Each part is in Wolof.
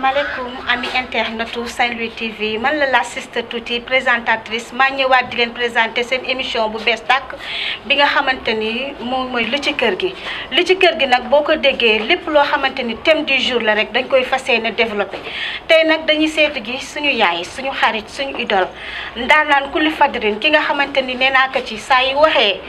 asalaamaaleykum ami internetu Saint-Louis TV man la la siste tuuti présentatrice maa ñëwaat di leen présenter seen émission bu bees tàkk bi nga xamante ni moom mooy lu ci kër gi. lu ci kër gi nag boo ko déggee lépp loo xamante ni thème du jour la rek dañ koy fas yéene développé tey nag dañuy seetu gi suñu yaay suñu xarit suñu idole ndaanaan ku li fadrin ki nga xamante ni nee naa ko ci saa yi waxee.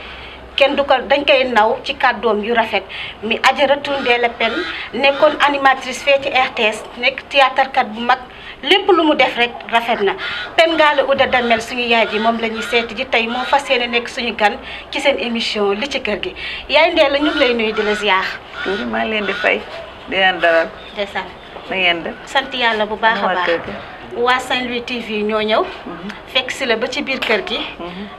kenn du ko dañ koy naw ci kàddoom yu rafet mi Adjaratou Ndella Pène nekkoon animatrice fee ci RTS nekk théâtrekat bu mag lépp lu mu def rek rafet na Pène Ngalle Ouda Damel suñu yaay ji moom la ñuy seeti ji tey moo fas yéene nekk suñu gan ci seen émission li ci kër gi yaay Ndella ñu ngi lay nuyu di la ziar. tuuti maa leen di fay sant yàlla bu baax a baax waa Saint-Louis TV ñoo ñëw. fekk si la ba ci biir kër gi.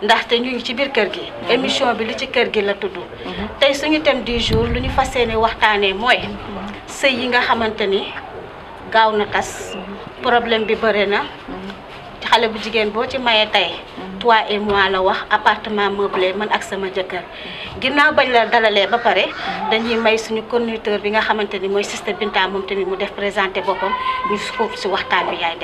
ndaxte ñu ngi ci biir kër gi. émission bi li ci kër gi la tudd. tey suñu thème di jours lu ñu fas yéene waxtaanee mooy. sëy yi nga xamante ni gaaw na tas. problème bi bëri na. xale bu jigéen boo ci mayee tey. toi et moi la wax appartement meublé man ak sama jëkkër bañ la ba pare dañuy may suñu conducteur bi nga xamante ni sister Binta tamit mu def présenté boppam ñu suuf si waxtaan bi yaay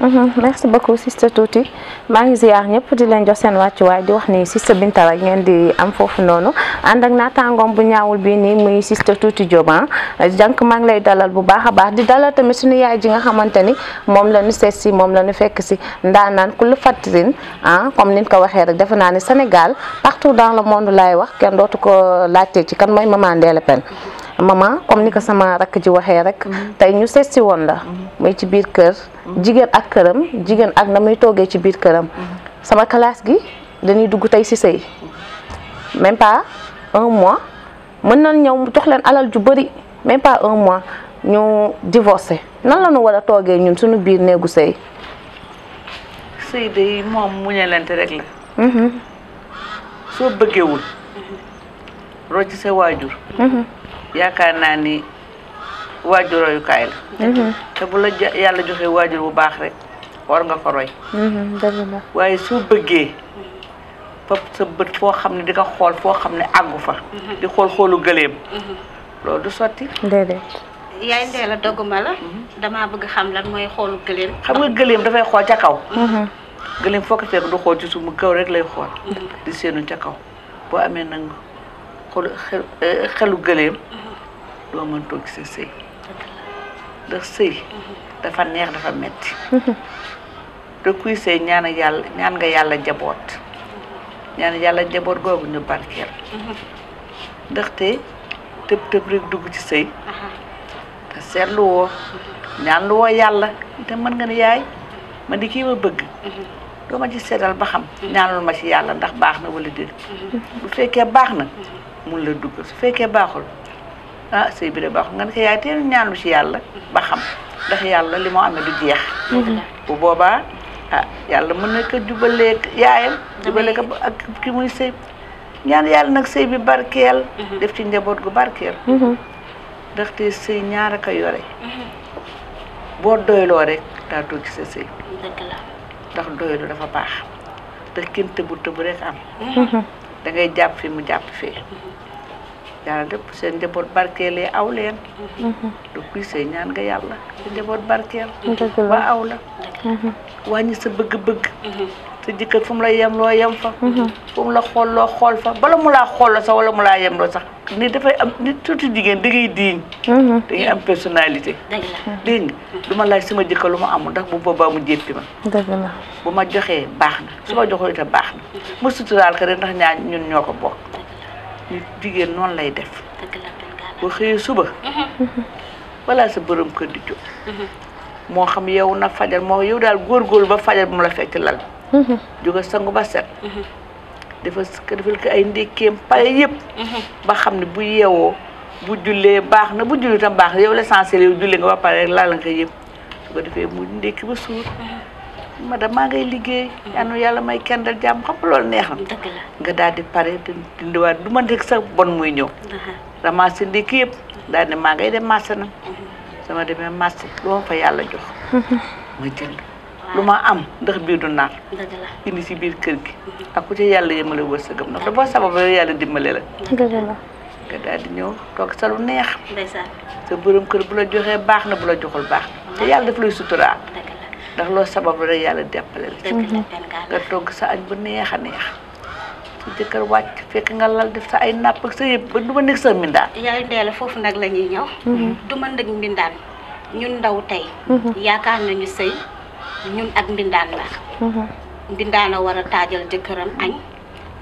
Mhm. merci beaucoup sister Tuuti maa ngi ziar ñëpp di leen jox seen wàccuwaay di wax nii sister Binta la ngeen di am foofu noonu ànd ak naataangoom bu ñaawul bii nii muy sister Tuuti Diop ah. jànk maa lay dalal bu baax a baax di dalal tamit suñu yaay ji nga xamante ni moom la ñu seet si moom la ñu fekk si ndaanaan ku lu fàttirin ah comme niñ ko waxee rek defe naa ne Sénégal partout dans le monde laay wax kenn dootu ko laajtee ci kan mooy maman Ndella Pène maman comme ni ko sama rakk ji waxee rek mhm. tey ñu seet si woon la mhm. muy ci biir kër mhm. jigéen ak këram jigéen ak na muy toogee ci biir këram sama kalaas gi dañuy dugg tey si sëy même pas un mois mën nañ ñëw jox leen alal ju bëri même pas un mois ñu divorcé nan la ñu war a toogee ñun suñu biir néegu sëy sëy day moom muñalante rek la soo bëggeewul rocc waajur yaakaar naa ni waajur royukaay la. Mhm. te bu la yàlla joxee waajur bu baax rek war nga ko roy. Mhm, waaye soo bëggee fab sa bët foo xam ne di nga xool foo xam ne àggu fa. Mhm. di xool xoolu gëleem. loolu du sotti. déedéet. yaay ndee la dogguma la. damaa bëgg xam lan mooy xoolu gëleem. xam nga gëléem dafay xool ca kaw. gëleem foo ko fekk du xool ci suuf kaw rek lay xool. di seenu ca kaw boo amee nangu. xolu eh, xelu gëleem mhm. doo mën toog sa sëy ndax sëy mhm. dafa neex dafa metti mhm. te kuy sëy ñaan yàlla ñaan nga yàlla jaboot ñaan yàlla jaboot googu ñu barkeel ndaxte tëb tëb rek dugg ci sëy te seetlu woo ñaan lu te nga ne yaay di ma bëgg doo ma ci seetal ba xam ñaanal ma ci yàlla ndax baax na wala déet bu mm-hmm. fekkee baax na mm-hmm. mun la dugg su fekkee baaxul ah sëy bi de baaxul nga ne ko yaay teel ñaanu ci yàlla ba xam ndax yàlla li moo amee du jeex mm-hmm. bu boobaa ah yàlla mën na ko jubalee yaayam jubalee ko ak ki muy sëy ñaan yàlla nag sëy bi barkeel def ci njaboot gu barkeel ndaxte sëy ñaar a ko yore boo doyloo rek daa toog sa sëy ndax doylu dafa baax te kin tëbu tëbu rek am mhm. dangay jàpp fi mu jàpp fee yàlla lépp seen njaboot barkeelee aw leen mhm. du kuy ñaan nga yàlla seen njaboot barkeel ba aw la mhm. wàññi sa bëgg-bëgg sa jëkkër fu mu la yem loo yam fa mhm. fu mu la xool loo xool fa bala mu laa xool la sax wala mu laa sax ni dafay am ni jigéen da ngay diiñ mhm. da ngay nga du ma laaj sama jëkkër lu ma amul ndax bu boobaa mu jéppi ma dëgg la ma joxee baax su ma joxee itam baax na mhm. ma suturaal ndax ñaa ñun ñoo ko bokk jigéen noonu lay def boo suba balaa sa borom kër di jóg moo xam yow na fajar moo yow daal góor góor ba fajar bu mu la fekk lal Mm-hmm. juga sangu ba set mm-hmm. defal ko defal ko ay ndékkeem pare yëpp mm-hmm. ba xam ne bu yeewoo bu jullee baax na bu julli tam baax na yow l'essentiel yow julli nga ba pare rek laal nga yëpp su ko defee mu ndékki ba suur madam maa ngay liggéey yaanu yàlla may kendal jàmm xam nga loolu neex nga daal pare du man ndékk sax bon muy ñëw dama ndékki yëpp daal ne maa ngay dem marché sama demee marché lu ma fa yàlla jox ma jënd lu am ndax biir du naan indi si biir kër gi ak ku ci yàlla yemale wërsëgam nag da boo sabab la yàlla dimbale la nga daal di ñëw toog sa lu neex sa borom kër bu la joxee baax na bu la joxul baax te yàlla daf lay suturaal ndax loo sabab rek yàlla jàppale la nga togg sa añ bu neex a neex sa jëkkër wàcc fekk nga lal def sa ay napp ak sa yëpp ba du ma nekk sa mbindaan yaay ndeela foofu nag la ñuy ñëw mhm. du ma mbindaan ñun ndaw tey mhm. yaakaar nañu sëy ñun ak mbindaan la mhm. mbindaan a war a taajal jëkkëram añ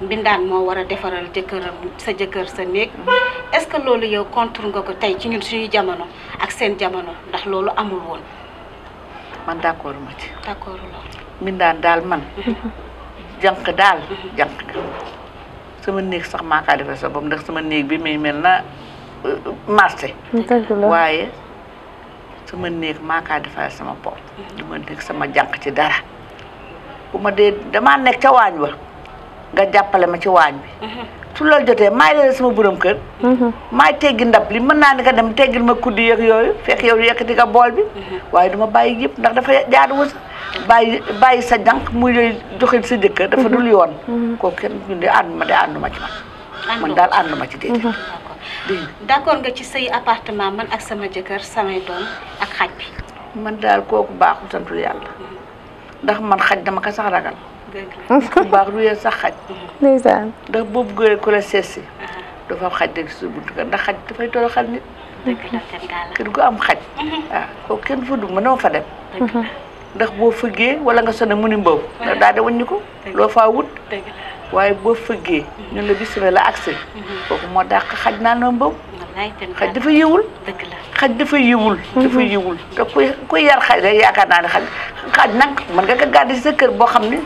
mbindaan moo war a defaral jëkkëram sa jëkkër sa néeg mhm. est-ce que loolu yow contre nga ko tey ci ñun suñu jamono ak seen jamono ndax loolu amul woon man d'accord ma ci d'accord mbindaan daal man mhm. jànq daal jànq sama néeg sax maa kaa defal sa bopp ndax sama néeg bi muy mel na euh, marché waaye sama néeg maa kaa defal sama bopp. du ma sama jànq ci dara. bu ma dee damaa nekk ca waañ wa nga jàppale ma ci waañ bi. Mhm. su loolu jotee maay leen sama borom kër. Mhm. maay teggi ndab li mën naa ne nga dem teggil ma kuddi yeeg yooyu fekk yow yekkati nga bool bi. Mhm. waaye duma bàyyi yëpp ndax dafa jaaduwul sa bàyyi bàyyi sa janq muy lay joxe sa jëkkër. dafa dul yoon. kooku kenn du ne ànduma de ànduma ci man. man daal ànduma ci déedéet. dégg d'accord nga ci sëy appartement man ak sama jëkkër samay doom ak xaj bi. man daal kooku baaxul santu yàlla ndax man xaj dama ko sax ragal. dëgg baax du yee sax xaj. ndeysaan ndax boobu gërëm ko la seesi. Uh-huh. dafa am xaj rek si buntu kër ndax xaj dafay toroxal nit. dëgg kër gu am xaj. waaw uh-huh. ah, kooku kenn fa dugg mënoo fa dem. ndax boo fëggee wala nga sonné mu ni mbaw. Uh-huh. daal di wàññi loo faa wut. waaye boo fëggee ñun la bisimilah agsi mhm. kooku moo dàq xaj naa noonu boobu xaj dafa yiwul xaj dafa yiwul mhm. dafa yiwul te ku ku yar xaj rek yaakaar naa ne xaj xaj nag mën nga ko gàddi si sa kër boo xam ne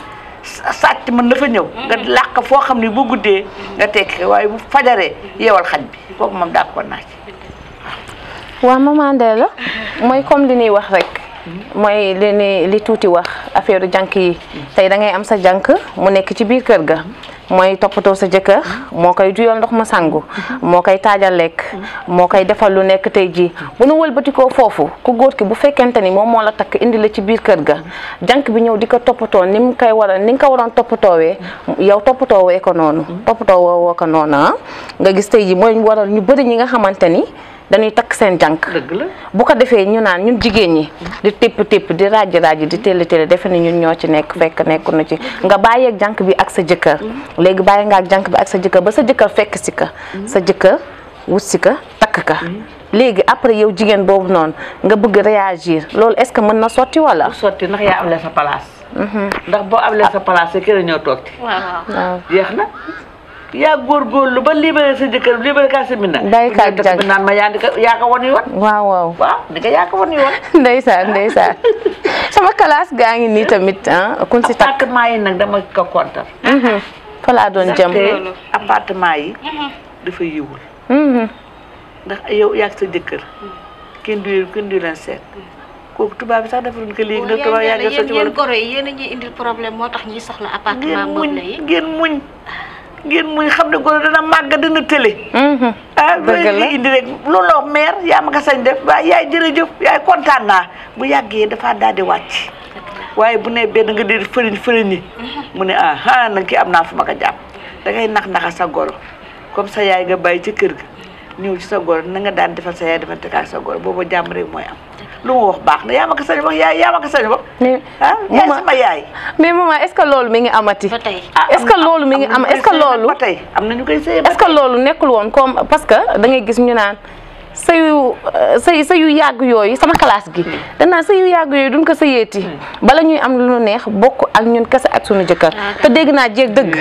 sàcc man dafa fa ñëw mhm. nga làq foo xam ne boo guddee nga tekki waaye bu fajaree yeewal xaj bi kooku moom d'accord naa ci waaw maman Ndella la mooy comme li ñuy wax rek mooy li ni li tuuti wax affaire jànk yi tey da ngay am sa jànk mu nekk ci biir kër ga mooy toppatoo sa jëkkër moo koy juyal ndox ma sangu moo koy taajal lekk moo koy defal lu nekk tey jii bu nu wëlbatikoo foofu ku góor ki bu fekkente ni moom moo la takk indi la ci biir kër ga jànk bi ñëw di ko toppatoo ni mu koy war ni nga ko waroon toppatoowee yow toppatoowee ko noonu toppatoo woo ko noonu ah nga gis tey ji mooy waral ñu bari ñi nga xamante ni dañuy takk seen jànk bu ko defee ñu naan ñun jigéen ñi di tépp tépp di raaji raaji di télé télé defe ne ñun ñoo ci nekk fekk nekku na ci nga bàyyeek ak bi ak sa jëkkër mm-hmm. léegi bàyyi nga ak jànk bi ak sa jëkkër ba sa jëkkër fekk si ka mm-hmm. sa jëkkër wut si ka takk ka mm-hmm. léegi après yow jigéen boobu noonu nga bëgg réagir loolu est-ce que mën na sotti wala sotti ndax yaa am la sa place ndax boo am la ah. sa place sa kër ñoo toog ci ah. jeex na yaa lu ba libéré sa jëkkër libéré ka sa minna day ka jàng naan ma yaa di ko yaa ko wan yoon waaw waaw waaw di yaa ko wan yoon ndeysaan ndeysaan sama classe gaa ngi nii tamit ah kun si takk appartement yi nag dama ko kontar mhm. fa laa doon jëm appartement yi dafa yiwul mhm. ndax yow yaa sa jëkkër kenn du kenn du leen seet kooku tubaab bi sax dafa doon ko léegi nag tubaab yaa ngi yéen a indil problème moo tax ñuy soxla appartement moom la yi ngeen muñ ngeen muy xam ne gone dana màgg dana tële. Mhm. ah li loolu la wax maire yaa ma sañ def waaye yaay jërëjëf yaay kontaan naa bu yàggee dafa daal wàcc. waaye bu ne benn nga di fëriñ fëriñ ni mhm. mu ne ah ah nag ki am naa fu ma ko jàpp dangay nax naxa sa golo comme sa yaay nga bàyyi ci kër gi ñëw ci sa góor na nga daan defal sa yaay defante ak sa góor boobu jàmm rek mooy am lu ma wax baax na yaa ma ko sañ wax yaay yaa ma ko sañ ah yaay yaay mais maman est-ce que loolu mi ngi amati ah, est-ce que loolu mi ngi am est-ce que loolu tey am nañu koy sëy est-ce loolu nekkul woon comme parce que da ngay gis ñu naan sayu euh, say sayu yàgg yooyu sama classe gi danaa sayu yàgg yooyu duñ ko sa yeeti hmm. bala ñuy am lu neex bokk ak ñun kese ak suñu jëkkër ah, te dégg naa jéeg dëgg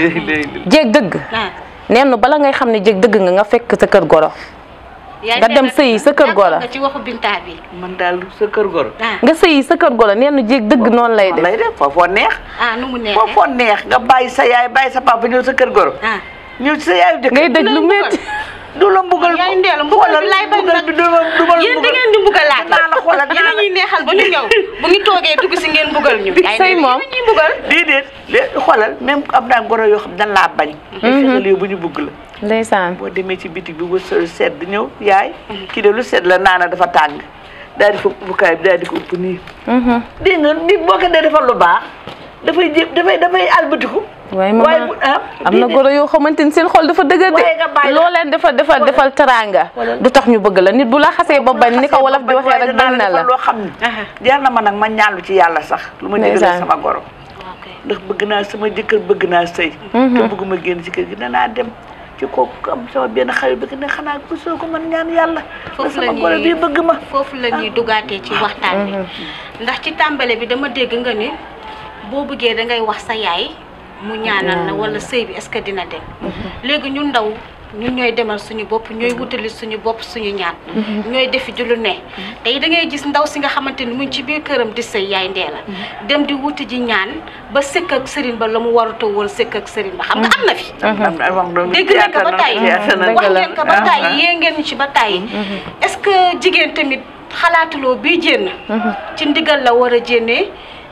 jéeg dëgg neen bala ngay xam ne jég dëgg nga nga fekk sa kër goro. nga dem sëyi sa kër goro ci waxu bintaa bi. man daal sa kër goro. Ah. nga sëyi sa kër goro neen jég dëgg noonu lay def. lay def neex. ah nu mu neex foofoo neex nga bàyyi sa yaay bàyyi sa papa ñëw sa kër goro. Ah. ñëw sa yaay dëkk ngay dëj lu métti. du la mbugal yaay ndeel mbugal bi laay bañ nag mbugal laaj naa la xoolal yéen a ñuy neexal ba ñu ñëw bu ñu toogee dugg si ngeen mbugal ñu big sëy moom ñuy mbugal déedéet léegi xoolal même am naa goro yoo xam dan laa bañ fexeel mhm. bu ñu bugg la ndeysaan boo demee ci bitig bi wërsël sedd ñëw yaay kii de lu sedd la naana dafa tàng daal di ko upp kaay bi daal di ko upp nii mhm. dégg nga nit boo ko dee defal lu baax dafay jé dafay dafay albatiku waaye maman ah, am na goro yoo xamante ni seen xol dafa dëgër de loo leen dafa dafa defal teraanga du tax ñu bëgg la nit bu la xasee ba bañ ni ko wolof di waxee rek bañ na la loo xam ne jar na ma nag ma ñaalu ci yàlla sax lu ma sama goro ndax bëgg naa sama jëkkër bëgg naa sëy mhm. te bëgguma génn ci kër gi danaa dem ci kooku am sama benn xarit bi ne xanaa ku soo ko mën ñaan yàlla foofu la ñuy bëgg ma foofu la ñuy ah. dugaatee ci waxtaan bi mhm. ndax ci tàmbale bi dama dégg nga ni boo bëggee da ngay wax sa yaay mu ñaanal na wala sëy bi est-ce que dina dem léegi ñu ndaw ñun ñooy demal suñu bopp ñooy wutali suñu bopp suñu ñaan ñooy def di lu ne tey da ngay gis ndaw si nga xamante ni mu ngi ci biir këram di sëy yaay ndee la dem di wuti ji ñaan ba sëkk ak sëriñ ba la mu waruta woon sëkk ak sëriñ ba xam nga am na fi dégg ngeen ko ba tàyyi wax ngeen ko ba tàyyi yee ci ba tàyyi est-ce que jigéen tamit xalaatuloo bii jénn ci ndigal la war a jénnee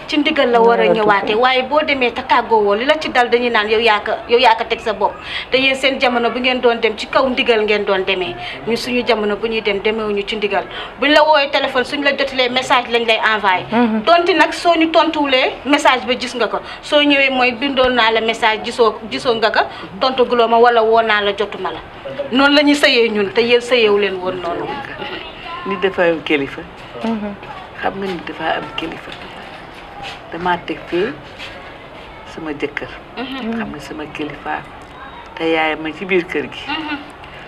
ci ndigal la war a ñëwaatee waaye boo demee te tàggoowoo li la ci dal dañuy naan yow yaa ko yow yaa ko teg sa bopp te yéen seen jamono bu ngeen doon dem ci kaw ndigal ngeen doon demee ñu suñu jamono bu ñuy dem demeewuñu ci ndigal buñ la woowee téléphone suñu la jotalee message lañ lay envoyé tonti mhm. nag soo ñu tontuwulee message ba gis nga ko soo ñëwee mooy bindoon naa la message jisoo gisoo nga ko tontu guloo ma wala woo naa la jotuma la noonu la ñuy sëyee ñun te yéen sëyeewu leen woon noonu nit dafa am kilifa mhm. xam nga nit dafa damaa teg fii sama jëkkër. Mhm. xam ne sama kilifa te yaay ma ci biir kër gi. Mhm.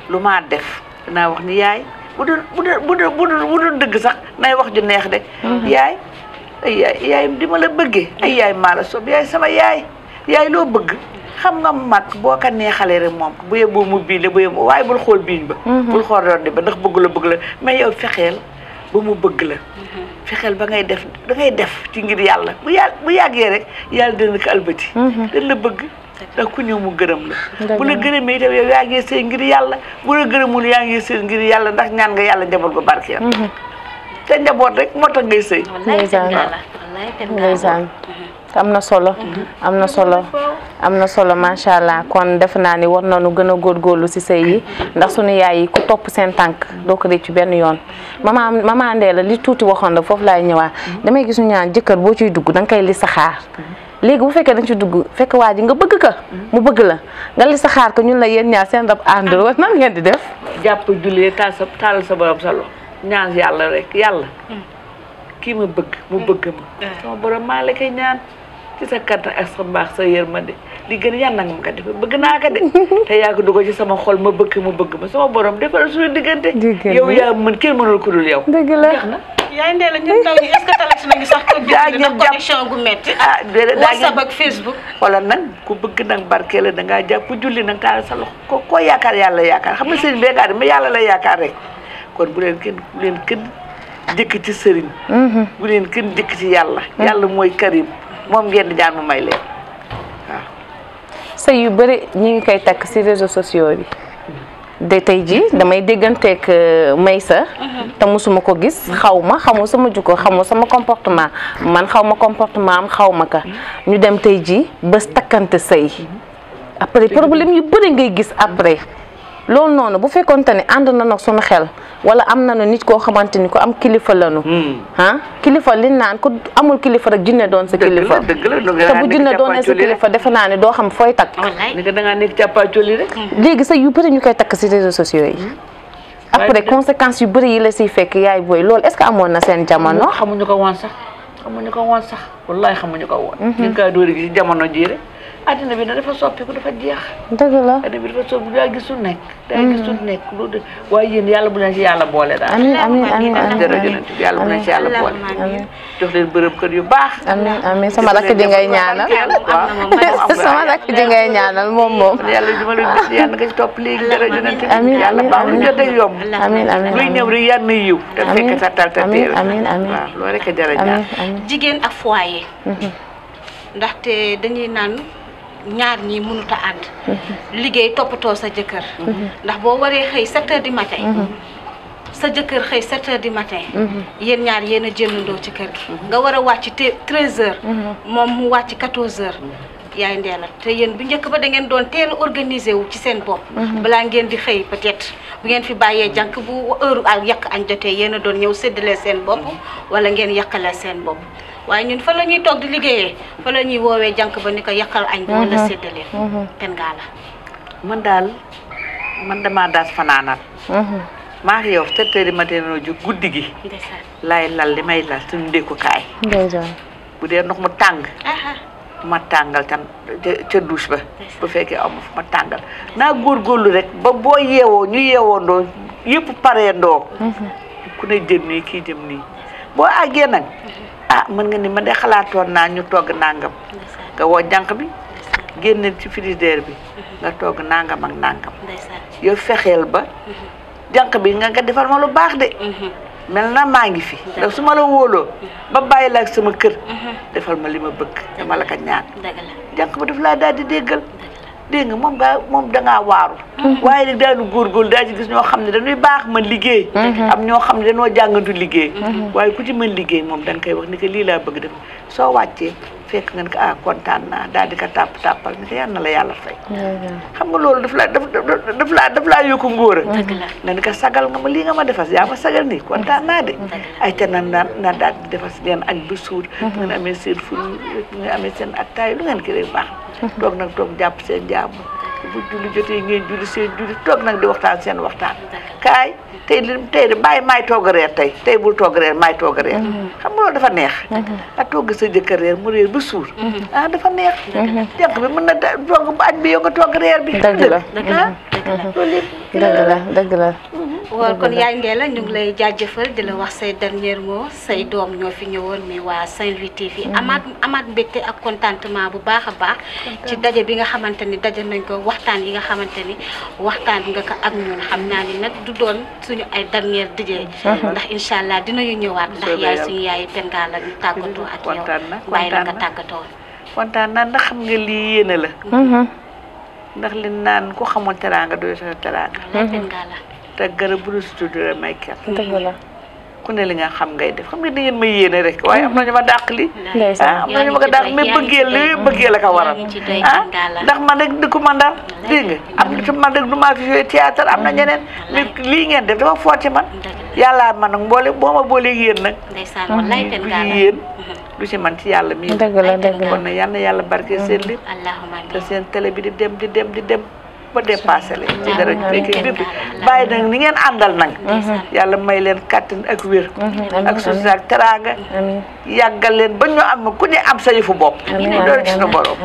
lu maa def dinaa wax ni yaay bu doon bu doon bu doon bu doon dëgg sax nay wax ju neex de. Mhm. yaay ay yaay yaay di ma la bëggee ay yaay maa la soob yaay sama yaay yaay loo bëgg. xam nga mag boo ko neexalee rek moom bu yeboo mu biile bu yeboo waaye bul xool biiñ ba. bul xool doon ba ndax bëgg la bëgg la mais yow fexeel. ba mu bëgg la mm-hmm. fexeel ba ngay def da def ci ngir yàlla bu yàgg bu yàggee rek yàlla dina ko albati mm-hmm. dañ la bëgg ndax ku ñëw mu gërëm la bu la gërëmee itam yow yaa ngi sëy ngir yàlla bu la gërëmul yaa ngi sëy ngir yàlla ndax ñaan nga yàlla njaboot ba barkeel mm-hmm. te njaboot rek moo tax ngay sëy ndeysaan ndeysaan am na solo am na solo am na solo macha allah kon def naa ni war na nañu gën a góor góorlu si sëy yi ndax su sunu yaay yi ku topp seen tànk doo ko ci benn yoon maman maman Ndella li tuuti waxoon la foofu laay ñëwaat damay gis ñu ñaan jëkkër boo ciy dugg danga koy li saxaar léegi bu fekkee dañ ci dugg fekk waa ji nga bëgg ka mu bëgg la nga li saxaar ko ñun la yéen ñaar seen rab àndul naa nan di def jàpp jullee taal sa taal sa borom sa yàlla hmm. eh. ñaan ci sa kattan ak sa baax sa yërmande li gën yàlla nga ma ko defee bëgg naa ko de te yaa ko dugal ci sama xol ma bëgg ma bëgg ma sama borom defal suñu diggante yow yaa mën kenn mënul ku dul yow dëgg la yaay la ñun ah, wala nag ku bëgg nag barkee la da ngaa jàpp julli nag taal sa loxo ko koo yaakaar yàlla yaakaar xam nga sëriñ bi yaakaar mais yàlla la yaakaar rek kon bu leen kenn bu leen kenn jëkk ci sëriñ mm-hmm. bu leen kenn jëkk ci yàlla yàlla mooy karim moom ngeen di ñaan mu may leen sëy yu bëri ñu ngi koy takk ci réseau sociaux bi. de tey jii damay dégganteeg euh, Maysa mhm. te musuma ko gis xaw ma xamoo sama jukko xamoo sama comportement man xaw ma comportement am xaw ma ka mhm. ñu dem tey jii ba takkante sëy après problème yu bëri ngay gis après. loolu noonu bu fekkonte ne ànd na nag suñu xel wala am na nit koo xamante ni ko am kilifa lanu hmm. ah kilifa li naan ku amul kilifa rek jinne doon sa kilifa te bu jinne doon sa kilifa defe naa ne doo xam fooy takk dangaa nekk càppaacoli rek hmm. léegi sa yu bëri ñu koy takk si réseaux sociaux yi hmm. après conséquences yu bëri yi la siy fekk yaay booy loolu est-ce que amoon na seen jamono xamuñu ko woon sax xamuñu ko woon sax wallaay xamuñu ko woon mhm. ñu ngi koy dóori gi si àddina bi na dafa soppi ko dafa jeex. dëgg la àddina bi dafa soppi daa gisul nekk. daa gisul nekk lu de waaye yéen yàlla bu leen ci yàlla ya boole daal. amiin Amin amin. amiin dara yonent bi yàlla bu leen ci yàlla boole. amiin jox leen bërëb kër yu baax. amiin amiin sama rakk ji ngay ñaanal. sama rakk ji ngay ñaanal moom moom. yàlla jubale yàlla nga ci topp léegi dara yonent bi. lu luy te fekk sa tal te rek ak foyer. ndaxte dañuy ñaar ñii mënut a ànd. Mhm. liggéey toppatoo sa jëkkër. Mhm. ndax boo waree xëy 7 heures du matin. Mhm. sa jëkkër xëy 7 heures du matin. yéen ñaar yéen a jëndandoo ci kër gi. nga war a wàcc te 13 heures. moom mu wàcc 14 heures. yaay ndeela te yéen bu njëkk ba da ngeen doon teel organisé wu ci seen bopp. balaa ngeen di xëy peut-être bu ngeen fi bàyyee jànk bu heure ak yàq añ jotee yéen a doon ñëw séddale seen bopp wala ngeen yàqale seen bopp. waaye ñun fa la ñuy toog di liggéeyee fa la ñuy woowee jànk ba ni ko yàqal añ. ba la uh-huh. séddalee. pengaa uh-huh. la. man daal man damaa daas fanaanal. Uh-huh. maa ngi yow sept heures du matin noo jóg guddi gi. laay lal li may lal suñu ndékkukaay. bu dee ndox mu tàng. ma tàngal ca duus douche ba. bu fekkee amu ma tàngal naa góor góorlu rek ba boo yeewoo ñu yeewoo ndoo yëpp paree ndoo. ku ne jëm nii kii jëm nii. boo àggee nag ah mën nga ni ma de xalaatoon naa ñu togg nangam nga woo jànq bi génne ci frigidaire bi mhm. nga togg nangam ak nangam yow fexeel ba mhm. janq bi nga nga defal ma lu baax de mhm. mel na maa ngi fi ndax su ma la wóoloo ba bàyyi la sama kër defal ma li ma bëgg dama la ko ñaan jànq bi daf laa daal di déggal dégg nga moom daa moom dangaa waaru mm-hmm. waaye nag daanu góorgóorlu daa ci gis ñoo xam ne dañuy baax man liggéey mm-hmm. am ñoo xam ne dañoo jàngantu liggéey mm-hmm. waaye ku ci mën liggéey moom dañ koy wax ni que lii laa bëgg def soo wàccee fekk ngeen ko ah kontaan naa daal di ko tàpp tàppal ni ko yal na la yàlla fay. xam nga loolu daf laa daf daf laa daf laa yokku ngóor na ni ko sagal nga ma lii nga ma defas yaa ma sagal nii kontaan naa de. ay te na na na daal di defas ngeen añ ba suur. bu mhm. ngeen amee seen ful bu ngeen amee seen ak lu ngeen kii day baax. Mhm. toog nag toog jàpp seen jàmm. bu julli jotee ngeen julli seen julli toog nag di waxtaan seen waxtaan kaay tey li tey de bàyyi maay togg reer tey tey bul togg reer maay togg reer mm-hmm. xam nga loolu dafa neex a togg sa jëkkër reer mu reer ba suur mm-hmm. ah dafa neex jànq bi mën na togg añ bi yow nga togg reer bi dëgg la dëgg la mm-hmm. dëgg la Walaupun ya enggak lah, ñu ngi de di la wax say dernier mot say doom ñoo fi ñëwoon mi waa Saint-Louis TV mm. amat amat mbégte ak contentement bu baax a baax ci daje bi nga xamante ni daje nañ ko waxtaan yi nga xamante ni waxtaan nga ko ak ñun xam ni du doon suñu ay dernier dijee ndax incha allah dinañu ñëwaat ndax yaay suñu yaay pengaa la ñu tàggatoo ak yow waaye la nga tàggatoo kontaan naa ndax xam nga lii yéene la mm-hmm. ndax li xamul te garab bu dul studio rek may kenn. dëgg mm-hmm. ku ne li nga xam ngay def xam nga da ngeen ma yéene rek waaye am na ñu ma dàq li ah am na ñu ma dàq mais bëggee ah, ndax man ma ndar dégg nga am na man rek na mm-hmm. ñeneen mais lii ngeen def dafa footi man yàllaa man nag mboole boo ma boolee yéen nag du ci yéen mm-hmm. du ci man ci yàlla mii dëgg la dëgg la kon nag na yàlla barke seen lépp te seen télé bi di dem di dem di dem ba dépassé leen ci dara lépp bàyyi nag ni ngeen àndal nag mhm. yàlla may leen kàttan ak wér mhm, ak sutura ak teraanga yàggal leen ba ñu am ku ne am sa yëfu bopp ci suñu borom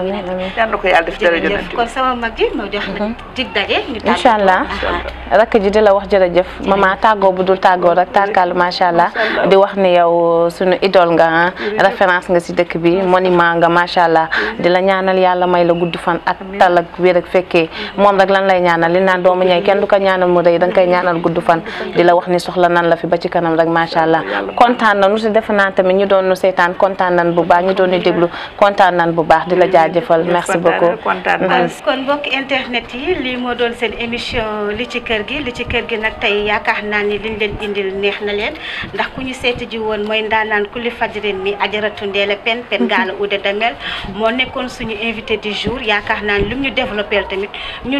yal ko yàlla def dara jënanti kon sama mag ji ma jox nag mhm. dig daje incha allah rakk ji di la wax jërëjëf mama tàggoo bu dul tàggoo rek tàkkal macha allah di wax ni yow suñu idole nga ah. référence nga si dëkk bi monument nga macha allah di la ñaanal yàlla may la gudd fan ak tal ak wér ak fekkee moom rek lan lay ñaanal li naan doomu ñay kenn du ko ñaanal mu rëy danga koy ñaanal gudd fan di la wax ni soxla nan la fi ba ci kanam rek macha allah kontaan na nu seetaan kontaan nan bu baax ñu doon ñu déglu kontaan nan bu baax di la jaajëfal merci beaucoup kon mbokk internet yi lii moo doon seen émission li ci kër gi li ci kër gi nag tey yaakaar naa ni liñ leen indil neex na leen ndax ku ñu seeti ji woon mooy ndaanaan ku li fajirin mi ajaratu ndeele pen pen gaala ude damel moo nekkoon suñu invité du jour yaakaar naa ni